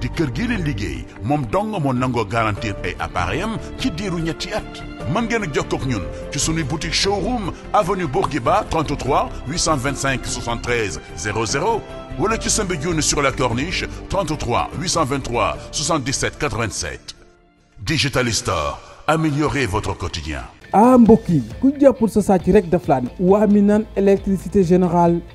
di kër gi leen liggéey moom dong moo nangoo garantir ay appareil ci diiru ñetti at man ngeen a jokkoo ak ñun ci suñuy boutique showroom avenue Bourguiba 33 825 73 00 wala ci Soumbédioune sur la corniche 33 823 77 87 Digital Store améliorez votre quotidien ah mbokk yi ku jàppul sa sàcc rek daf laa ne waa mi naan électricité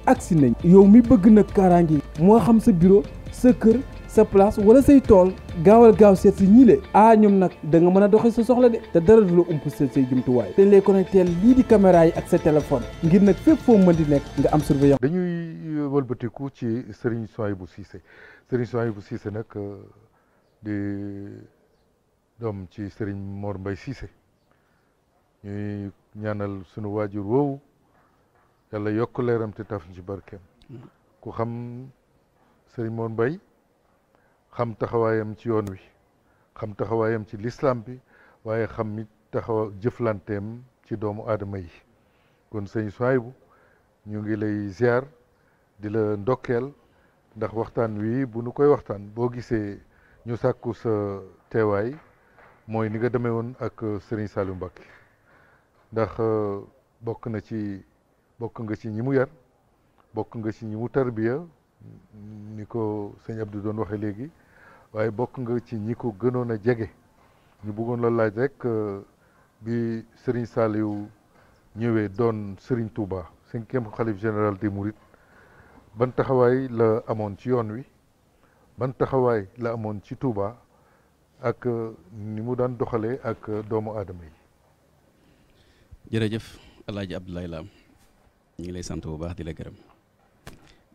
ak si nañ yow mi bëgg nag kaaraange moo xam sa biro sa kër sa place wala say tool gaawal gaaw seet si ñiile ah ñoom nag da nga mën a doxee sa soxla de te dara du la ump seet say jumtuwaay te ñu lay connecté lii di caméra yi ak sa téléphone ngir nag fépp foo mën di nekk nga am surveillance. dañuy euh, wëlbatiku ci Serigne Souhaïbou Cissé Serigne Souhaïbou Cissé nag euh, di doom ci Serigne Mor mbay Cissé ñuy ñaanal sunu waajur woowu yàlla yokk leeram te taf ci barkeem mm. ku xam Serigne Mor Mbaye xam taxawaayam ci yoon wi xam taxawaayam ci lislaam bi waaye xam it taxaw jëflanteem ci doomu aadama yi kon sëñ Souhaïbou ñu ngi lay ziar di la ndokkeel ndax waxtaan wi bu nu koy waxtaan boo gisee ñu sàkku sa teewaay mooy ni nga demee woon ak Serigne Saliou Mbacké ndax euh, bokk na ci bokk nga ci ñi mu yar bokk nga ci ñi mu tarbiya ni ko sëñ Abdou doon waxe léegi waaye bokk nga ci ñi ko gënoon a jege ñu bëggoon la laaj rek euh, bi Serigne Saliou ñëwee doon sëriñ Touba cinquième xalif général des Mourides ban taxawaay la amoon ci yoon wi ban taxawaay la amoon ci Touba ak euh, ni mu daan doxalee ak euh, doomu aadama yi. jërëjëf El Hadj Abdoulaye Lam ñu ngi lay sant bu baax di la gërëm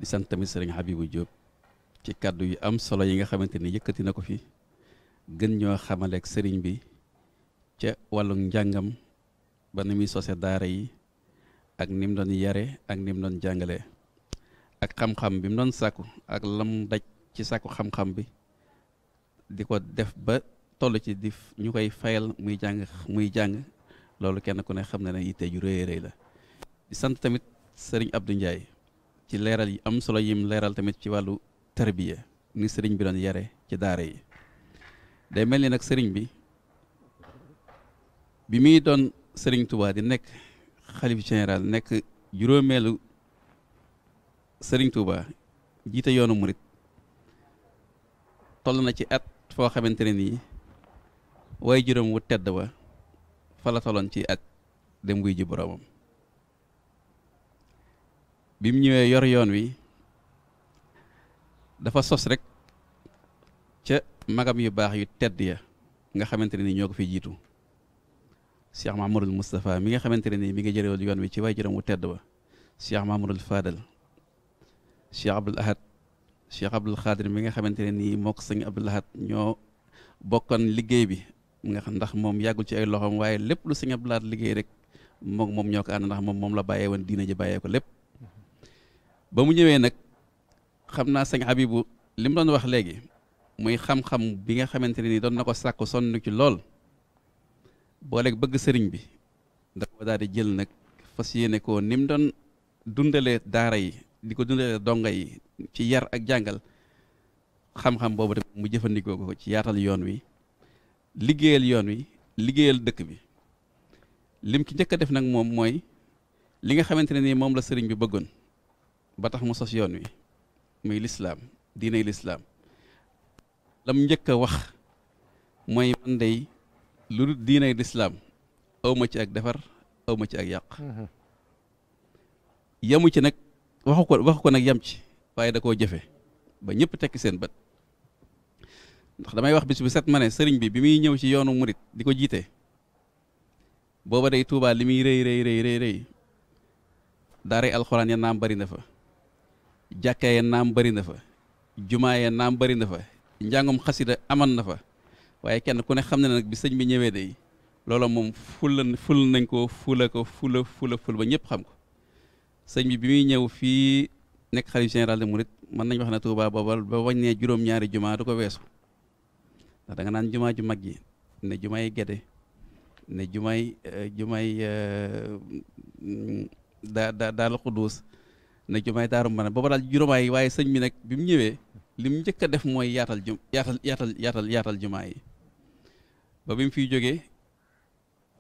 di sant tamit Serigne Habibou Diop. ci kàddu yu am solo yi nga xamante ni yëkkati na ko fi gën ñoo xamaleek sëriñ bi ca wàllu njàngam ba ni muy sose daara yi ak ni mu doon yare ak ni mu doon jàngale ak xam-xam bi mu doon sàkku ak lam daj ci sàkku xam-xam bi di ko def ba toll ci di ñu koy fayal muy jàng muy jàng loolu kenn ku ne xam na ne yitte ju rëy rëy la di sant tamit sëriñ abdu njaay ci leeral yi am solo yim leeral tamit ci wàllu tarbiya ni sëriñ bi doon yare ci daara yi day mel ni nag sëriñ bi bi muy doon sëriñ Touba di nekk xalif général nekk juróomeelu sëriñ Touba jiite yoonu murit toll na ci at foo xamante ne nii waaye juróom wu tedd wa fala la ci ak dem wuy ji boroomam bi mu ñëwee yor yoon wi dafa sos rek ca magam yu baax yu tedd ya nga xamante ne ni ñoo ko fi jiitu Cheikh Mahmoudul mustafaa mi nga xamante ne ni mi nga jërewoon yoon wi ci way jërëm wu tedd ba Cheikh Mahmoudul Fadal Cheikh Abdoul Ahad Cheikh Abdoul Khadir mi nga xamante ne nii moo ko sëñ Abdoul Ahad ñoo bokkoon liggéey bi nga xam ndax moom yàggul ci ay loxoom waaye lépp lu sëñ laat liggéey rek moom moom ñoo ko ànd ndax moom moom la bàyyee woon diina ji bàyyee ko lépp ba mu xam naa sëñ Habibou li mu doon wax léegi muy xam-xam bi nga xamante ne ni doon na ko sàkku sonn ci lool booleeg bëgg sëriñ bi dafa daal di jël nag fas yéene ko ni mu doon dundale daara yi di ko dundalee donga yi ci yar ak jàngal xam-xam boobu tamit mu jëfandikoo ko ci yaatal yoon wi liggéeyal yoon wi liggéeyal dëkk bi lim ki njëkk a def nag moom mooy li nga xamante ne ni moom la sëriñ bi bëggoon ba tax mu sos yoon wi muy lislaam diinay lislaam lam njëkk a wax mooy man day lu dul lislaam awma ci ak defar awma ci ak yàq mhm. yamu ci nag waxu ko waxu ko nag yam ci waaye da koo jëfe ba ñëpp tekki seen bët ndax damay wax bis bu set ma ne sëriñ bi bi muy ñëw ci yoonu murit di ko jiite booba day tuubaa li muy rëy rëy rëy rëy rëy alxuraan ya naam bari na fa jàkka yee naam bëri na fa jumaa yee naam bëri na fa njàngum xasida aman na fa waaye kenn ku ne xam ne nag bi sëñ bi ñëwee day loola moom fula ful nañ ko fula ko fula fula ful ba ñëpp xam ko sëñ bi bi muy ñëw fii nekk xalif général de Mouride mën nañ wax ne Touba booba ba wañ ne juróom-ñaari jumaa du ko weesu ndax da nga naan jumaa ju mag yi ne jumaay Gédé ne jumaay eh, yi eh, mm, daa daa daal Xuduus nag jumaay daaru mën a booba daal juróomaay waaye sëñ bi nag bi mu ñëwee li mu njëkk a def mooy yaatal jum yaatal yaatal yaatal yaatal jumaa yi ba bi mu fiy jógee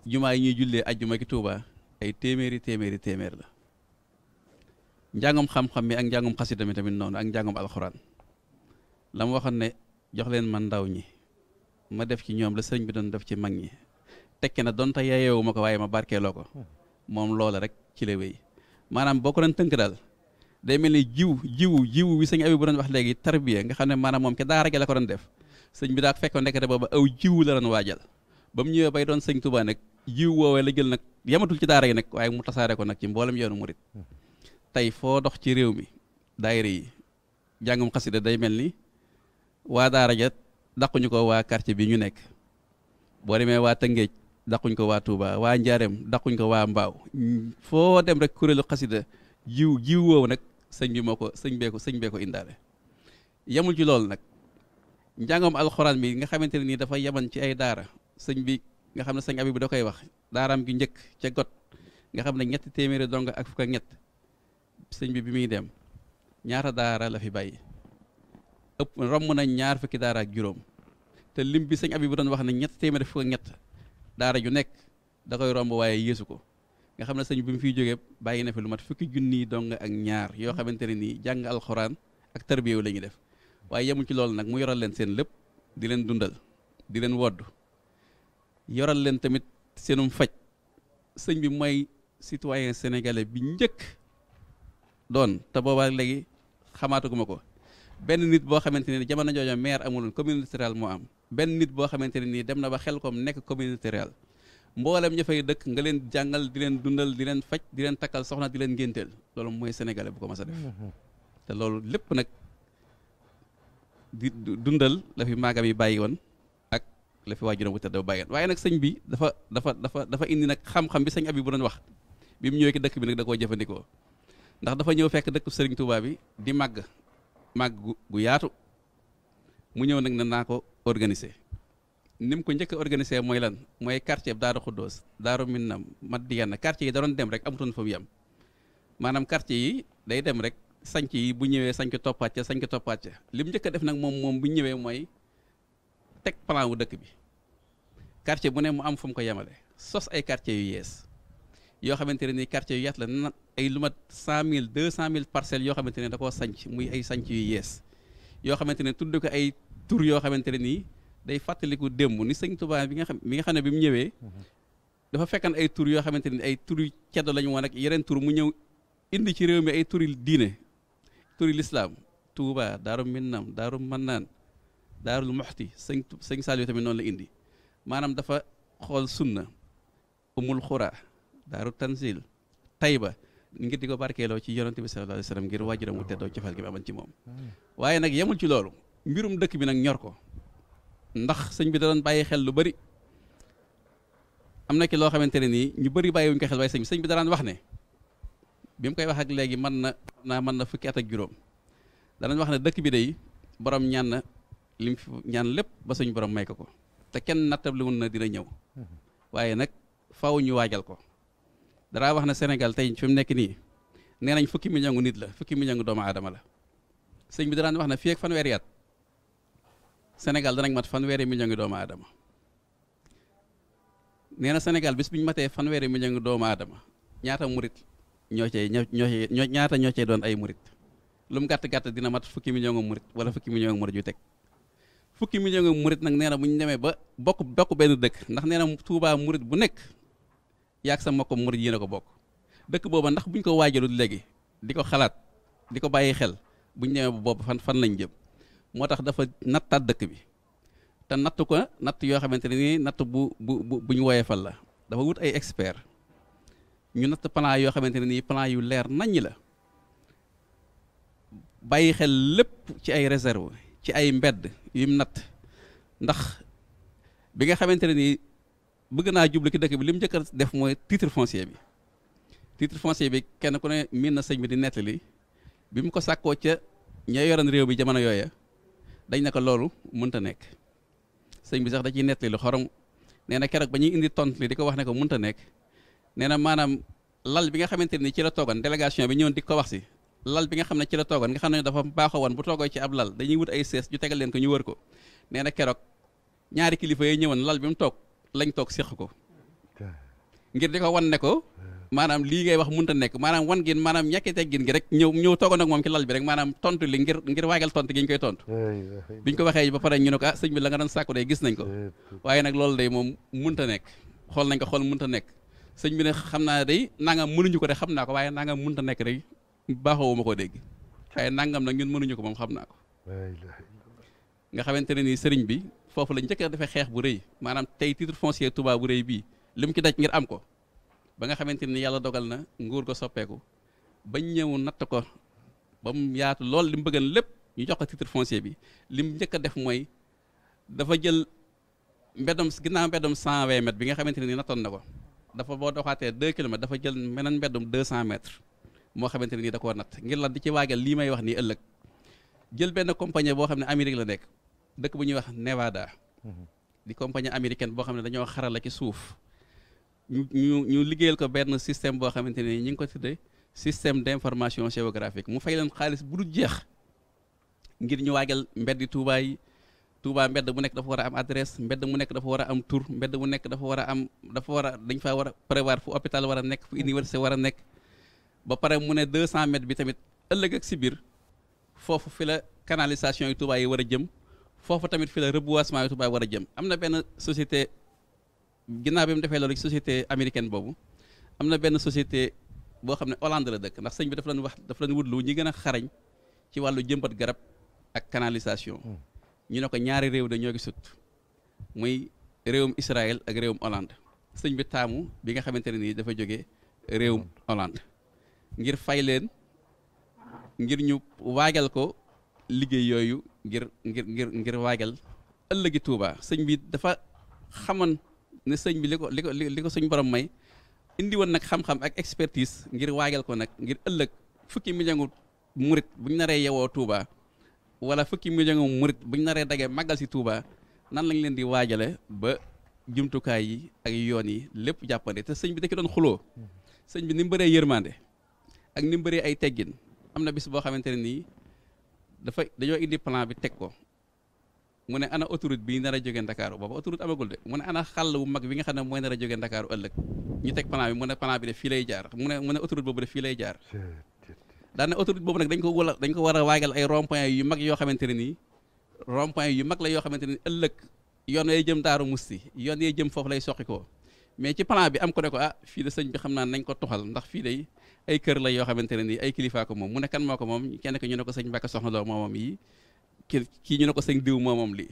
jumaa yi ñuy jullee ajjuma ki Tuuba ay téeméeri téeméeri téeméer la njàngum xam-xam mi ak njàngum xasida mi tamit noonu ak njàngum alxuraan la mu waxoon ne jox leen man ndaw ñi ma def ci ñoom la sëñ bi doon def ci mag ñi tekki na donte yeyewu ma ko waaye ma barkeeloo ko hmm. moom loola rek ci la wéy maanaam boo ko tënk daal day mel ni jiw jiw jiw bi sëñ abi bu doon wax léegi tarbiya nga xam ne maanaam moom ke daara gi ko doon def sëñ bi daa fekkoon ndekete booba aw jiwu la doon waajal ba mu ñëwee bay doon sëñ Tuubaa nag jiw woowee la jël nag yamatul ci daara gi nag waaye mu tasaare ko nag ci mboolem yoonu murit hmm. tey foo dox ci réew mi daayira yi jàngum xasida day mel ni waa daara ja daquñu ko waa quartier bi ñu nekk boo demee waa Tëngéej daquñ ko waa Touba waa Njaareem daquñ ko waa Mbaaw foo dem rek kuréelu xasida jiw jiw woowu nag sëñ bi moo ko sëñ bee ko sëñ bee ko indaale yemul ci loolu nag njàngam alxuraan bi nga xamante ne nii dafa yeman ci ay daara sëñ bi nga xam ne sëñ abi bi da koy wax daaraam gi njëkk ca got nga xam ne ñetti téeméeri dong ak fukk ñett sëñ bi bi muy dem ñaata daara la fi bàyyi ëpp romb na ñaar fukki daara ak juróom te lim bi sëñ abi bu doon wax ne ñett téeméeri fukk ñett daara ju nekk da koy romb waaye yeesu ko nga xam ne sëñ bi mu fiy jógee bàyyi na fi lu mat fukki junniy dong ak ñaar yoo xamante ne nii jàng alxuraan ak tarbiyewu la def waaye yemu ci loolu nag mu yoral leen seen lépp di leen dundal di leen wodd yoral leen tamit seenum faj sëñ bi mooy citoyen sénégalais bi njëkk doon te boobaa léegi xamaataguma ko benn nit boo xamante ne nii jamono jooju maire amuloon communauté rurale moo am benn nit boo xamante ne nii dem na ba xel kom nekk communauté rurale mboolem ña dëkk nga leen jàngal di leen dundal di leen faj di leen takkal soxna di leen ngénteel loolu mooy sénégalais bu ko mas a def mhm. te loolu lépp nag di dundal la fi yi bàyyi woon ak la fi waajuram bu tedd ba waaye nag sëñ bi dafa dafa dafa dafa indi nag xam bi sëñ abi bu doon wax bi mu ñëwee ki dëkk bi nag da koo jëfandikoo ndax dafa ñëw fekk dëkk sëriñ Touba bi di màgg màgg gu yaatu mu ñëw nag ne naa ko organiser ni mu ko njëkk a organisé mooy lan mooy quartier bi Daaru Xuddoos Daaru Minnam Madiana quartier yi da doon dem rek amutoon fa mu yem maanaam quartier yi day dem rek sanc yi bu ñëwee sanc toppaat ca sanc toppaat ca li mu njëkk def nag moom moom bu ñëwee mooy teg plan wu dëkk bi quartier bu ne mu am fu mu ko yemale sos ay quartier yu yees yoo xamante ne ni quartier yu yaat la na ay lu mat cent mille deux cent mille parcelles yoo xamante ne da koo sanc muy ay sanc yu yees yoo xamante ne tudd ay tur yoo xamante ne nii day fàttaliku démb ni sëñ Tuubaa bi nga xam bi nga xam ne bi mu ñëwee dafa fekkan ay tur yoo xamante ni ay turi ceddo lañu woon ak yeneen tur mu ñëw indi ci réew mi ay turi diine turi lislaam Tuubaa Daaru Minnam Daaru Mannaan Daarul Muxti sëñ sëñ Saliou tamit noonu la indi maanaam dafa xool sunna umul xuraa daaru tanzil tayba ngir di ko barkeeloo ci yonent bi sallallahu alayhi wa sallam ngir waajuram wu teddoo cofeel gi aman ci moom mm. waaye nag yemul ci loolu mbirum dëkk bi nag ñor ko ndax sëñ bi da doon bàyyi xel lu bari am na ki loo xamante ne nii ñu bari bàyyi wuñ ko xel waaye sëñ bi sëñ bi daraan wax ne bi mu koy wax ak léegi mën na naa man na fukki at ak juróom danañ wax ne dëkk bi dey borom ñaan na lim fi ñaan lépp ba sëñ borom may ko ko te kenn nattab li mun na dina ñëw waaye nag faw ñu waajal ko daraa wax ne Sénégal tey fi mu nekk nii nee nañ fukki mi million nit la fukki mi million doomu aadama la sëñ bi daraan wax ne fii ak Sénégal danañ mat fanweeri million ngi doomu aadama nee na Sénégal bis bu ñu matee fanweeri million ngi doomu aadama ñaata murit ñoo cee ñoo cee ñaata ñoo cee doon ay murit lu mu gàtt gàtt dina mat fukki million nga murit wala fukki million nga murit yu teg fukki million nga murit nag nee na bu ñu demee ba bokk bokk benn dëkk ndax nee na Tuubaa murit bu nekk yaag sa mbokk murit yi na ko bokk dëkk booba ndax bu ñu ko waajalul léegi di ko xalaat di ko bàyyi xel bu ñu demee ba boobu fan fan lañ jëm. moo tax dafa nattaat dëkk bi te natt ko natt yoo xamante ne nii natt bu bu bu ñu woyefal la dafa wut ay expert ñu natt plan yoo xamante ne nii plan yu leer naññ la bàyyi xel lépp ci ay réserve ci ay mbedd yum natt ndax bi nga xamante ne nii bëgg naa jublu ki dëkk bi li mu njëkk def mooy titre foncier bi titre foncier bi kenn ku ne miin na sëñ bi di nettali bi mu ko sàkkoo ca ña yoroon réew bi jamono yooya dañ ne ko loolu mënta nekk sëñ bi sax da ciy nettali lu xorom nee na keroog ba ñuy indi tont li di ko wax ne ko mënta nekk nee na maanaam lal bi nga xamante ni ci la toogoon délégation bi ñëwoon di ko wax si lal bi nga xam ne ci la toogoon nga xam ne dafa baaxoo woon bu toogoo ci ab lal dañuy wut ay sees ñu tegal leen ko ñu wër ko nee na keroog ñaari kilifa yi ñëwoon lal bi mu toog lañ toog séq ko ngir di ko wan ne ko maanaam lii ngay wax mënta nekk maanaam wan ngeen maanaam ñàkki teggin gi rek ñëw ñëw toogoon ak moom ci lal bi rek maanaam tontu li ngir ngir waagal tontu gi ñu koy tontu biñ ko waxee ba pare ñu ne ko ah sëñ bi la nga doon sàkku day gis nañ ko waaye nag loolu day moom mënta nekk xool nañ ko xool mënta nekk sëñ bi ne xam naa day nangam mënuñu ko de xam naa ko waaye nangam mënta nekk rek baaxoo ma ko dégg waaye nangam nag ñun mënuñu ko moom xam naa nga xamante ne nii sëriñ bi foofu la njëkk a xeex bu rëy maanaam tey titre foncier Touba bu rëy bii li mu ci daj ngir am ko ba nga xamante ni yàlla dogal na nguur ko soppeeku bañ ñëw natt ko ba mu yaatu lool li mu bëggan lépp ñu jox ko titre foncier bi li mu njëkk a def mooy dafa jël mbedom ginnaaw mbedom cent vingt mètres bi nga xamante ni nattoon na ko dafa boo doxaatee deux kilomètres dafa jël meneen mbeddum deux cent mètres moo xamante ni da ko nat ngir la di ci waajal lii may wax nii ëllëg jël benn compagnie boo xam ne Amérique la nekk dëkk bu ñuy wax Nevada mhm. di compagnie américaine boo xam ne dañoo xarala ci suuf ñu ñu ñu ko benn système boo xamante ne ñu ngi ko tuddee système d'information géographique mu fay leen xaalis bu dul jeex ngir ñu waajal mbedd Touba yi Touba mbedd bu nekk dafa war a am adresse mbedd mu nekk dafa war a am tour mbedd mu nekk dafa war a am dafa war a dañ faa war a prévoir fu hôpital war a nekk fu université war a nekk ba pare mu ne 200 mètres bi tamit ëllëg ak si foofu fi la canalisation yi Touba yi war a jëm foofu tamit fi la reboisement yi war a jëm am na benn ginnaaw bi mu defee loolu ci société américaine boobu am na benn société boo xam ne Hollande la dëkk ndax sëñ bi dafa leen wax dafa leen wutlu ñi gën a xarañ ci wàllu jëmbat garab ak canalisation. Hmm. ñu ne ko ñaari réew de ñoo ngi sut muy réewum Israël ak réewum Hollande sëñ bi taamu bi nga xamante ne nii dafa jóge réewum Hollande ngir fay leen ngir ñu waagal ko liggéey yooyu ngir ngir ngir ngir waagal ëllëgi Touba sëñ bi dafa xaman ne sëñ bi li ko li ko li ko sëñ borom may indi woon nag xam-xam ak expertise ngir waajal ko nag ngir ëllëg fukki miliyoŋu murit buñ naree yewoo tuubaa wala fukki miliyoŋu murit buñ naree dagee màggal si Touba nan lañ leen di waajale ba jumtukaay yi ak yoon yi lépp jàppande te sëñ bi da ci doon xuloo sëñ bi ni mu bëree yërmande ak ni mu bëree ay teggin am na bis boo xamante ne nii dafa dañoo indi plan bi teg ko mu ne ana autoroute bi nar a jógee Ndakaaru booba autoroute amagul de mu ne ana xàll bu mag bi nga xam ne mooy nar a jógee Ndakaaru ëllëg ñu teg plan bi mu ne bi jaar mu ne mu ne autoroute boobu fii lay jaar boobu nag dañ ko wala dañ ko war a waagal ay rond point yu yoo xamante ne nii rond yu mag la yoo xamante ne ëllëg yoon yay jëm Daaru Musti yoon yay jëm foofu lay soqi ko mais ci plan bi am ko ne ko ah fii de sëñ bi xam naa nañ ko toxal ndax fii day ay kër la yoo xamante ne nii ay kilifaa ko moom mu kan moo ko moom kenn ko ñu ne ko sëñ Mbàkke soxna loo moomoom yi ki kii ñu ne ko sëñ diw moo moom lii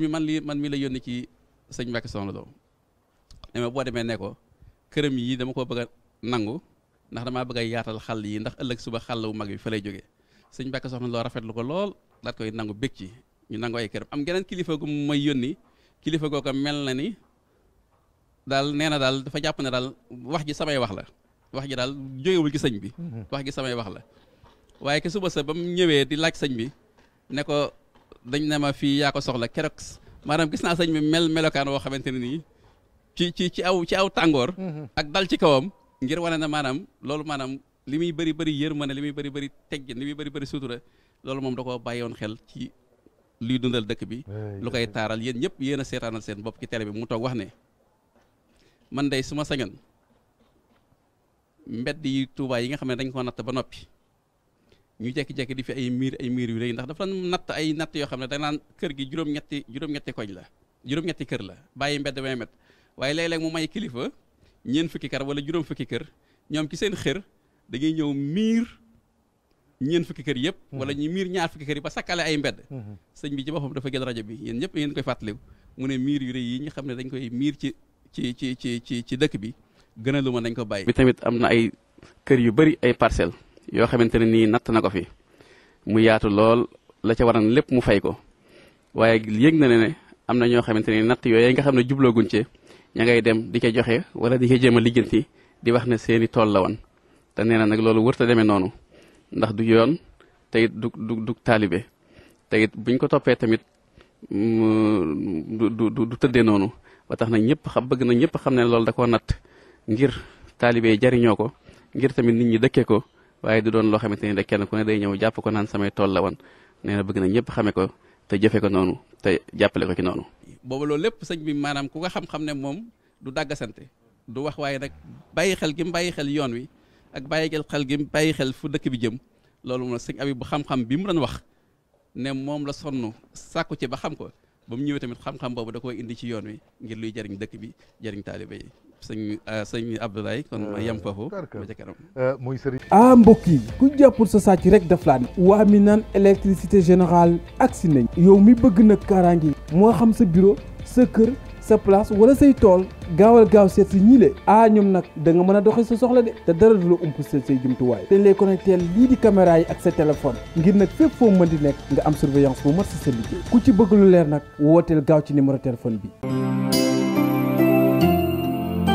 bi man lii man mi la yónni ci sëñ Mbàkke Soxna doom ne ma boo demee ne ko këram yii dama ko bëgg nangu ndax damaa bëgg a yaatal xàll yi ndax ëllëg suba xàll wu mag bi fa lay jógee sañ Mbàkke Soxna Lo rafetlu ko lool daat koy nangu bég ci ñu nangu ay këram am geneen kilifa gu may yónni kilifa googu mel na ni daal nee na daal dafa jàpp ne daal wax ji samay wax la wax ji daal jógewul ci sëñ bi mm-hmm. wax ji samay wax la waaye ke suba sa ba ñëwee di laaj sëñ bi ne ko dañ ne ma fii yaa ko soxla keroog maanaam gis naa sëñ bi mel melokaan woo xamante ne nii ci ci ci aw ci aw tàngoor. Mhm. ak dal ci kawam ngir wane na maanaam loolu maanaam li muy bëri bëri yërmande li muy bëri bëri teggin li muy bëri bëri sutura loolu moom da koo bàyyoon xel ci luy dundal dëkk bi. lu koy taaral yéen ñëpp yéen a seetaanal seen bopp ci télé bi mu toog wax ne man day su ma sañoon mbedd yi Tuubaa yi nga xam ne dañ ko natt ba noppi. ñu jekki-jekki di fi ay miir ay miir yu rëy ndax dafa natt ay natt yoo xam ne da naan kër gi juróom-ñetti juróom-ñetti la juróom kër la bàyyi mbedd vingt waaye léeg-léeg may kilifa ñeen fukki kër wala juróom fukki kër ñoom ci seen xër dañuy ñëw miir ñeen fukki kër yëpp hmm. wala ñu miir ñaar fukki kër yi ba sakkale ay mbedd hmm. sëñ bi ci boppam dafa gën rajo bi yéen ñëpp ngeen koy fàttaliw mu ne miir yu rëy yi ñu xam ne dañ koy miir ci ci ci ci ci ci dëkk bi gën a nañ ko bàyyi bi tamit am na ay kër yu bari ay parcelles yoo xamante ne nii natt na ko fi mu yaatu lool la ca waran lépp mu fay ko waaye yëg na ne ne am na ñoo xamante ni natt yooyu nga xam ne jublooguñ ci ña ngay dem di ca joxe wala di ca jéem a lijjanti di wax ne seeni tool la woon te nee na nag loolu wër ta demee noonu ndax du yoon te it du du du taalibe te it buñ ko toppee tamit du du du noonu ba tax na ñëpp xam bëgg na ñëpp xam ne loolu da koo natt ngir taalibe jariñoo ko ngir tamit nit ñi dëkkee ko waaye du doon loo xamante ni rek kenn ku ne day ñëw jàpp ko naan samay tool la woon nee na bëgg na ñëpp xamee ko te jëfe ko noonu te jàppale ko ci noonu. boobu loolu lépp sañ bi maanaam ku nga xam-xam ne moom du dàggasante du wax waaye nag bàyyi xel gi mu bàyyi xel yoon wi ak bàyyi xel gi bàyyi xel fu dëkk bi jëm loolu moom sëñ abi bu xam bi mu doon wax ne moom la sonn sàkku ci ba xam ko ba mu ñëwee tamit xam-xam boobu da koy indi ci yoon wi ngir luy jariñ dëkk bi jëriñ taalibe yi sëñ euh, sëñ Abdoulaye kon ma yem foofu euh, ba ca kanam euh, muy sëriñ ah mbokk yi ku jàppul sa sàcc rek daf laa ne waa mi naan électricité ak si nañ yow mi bëgg nag kaaraange moo xam sa bureau sa kër sa place wala say tool gaawal gaaw seet si ñii le ah, ñoom nag danga nga mën a doxee sa soxla de te dara du la ump sa say jumtuwaay dañ lay connecté lii di caméra yi ak sa téléphone ngir nag fépp foo mën di nekk nga am surveillance bu mat si sa liggéey ku ci bëgg leer nag wooteel gaaw ci numéro téléphone bi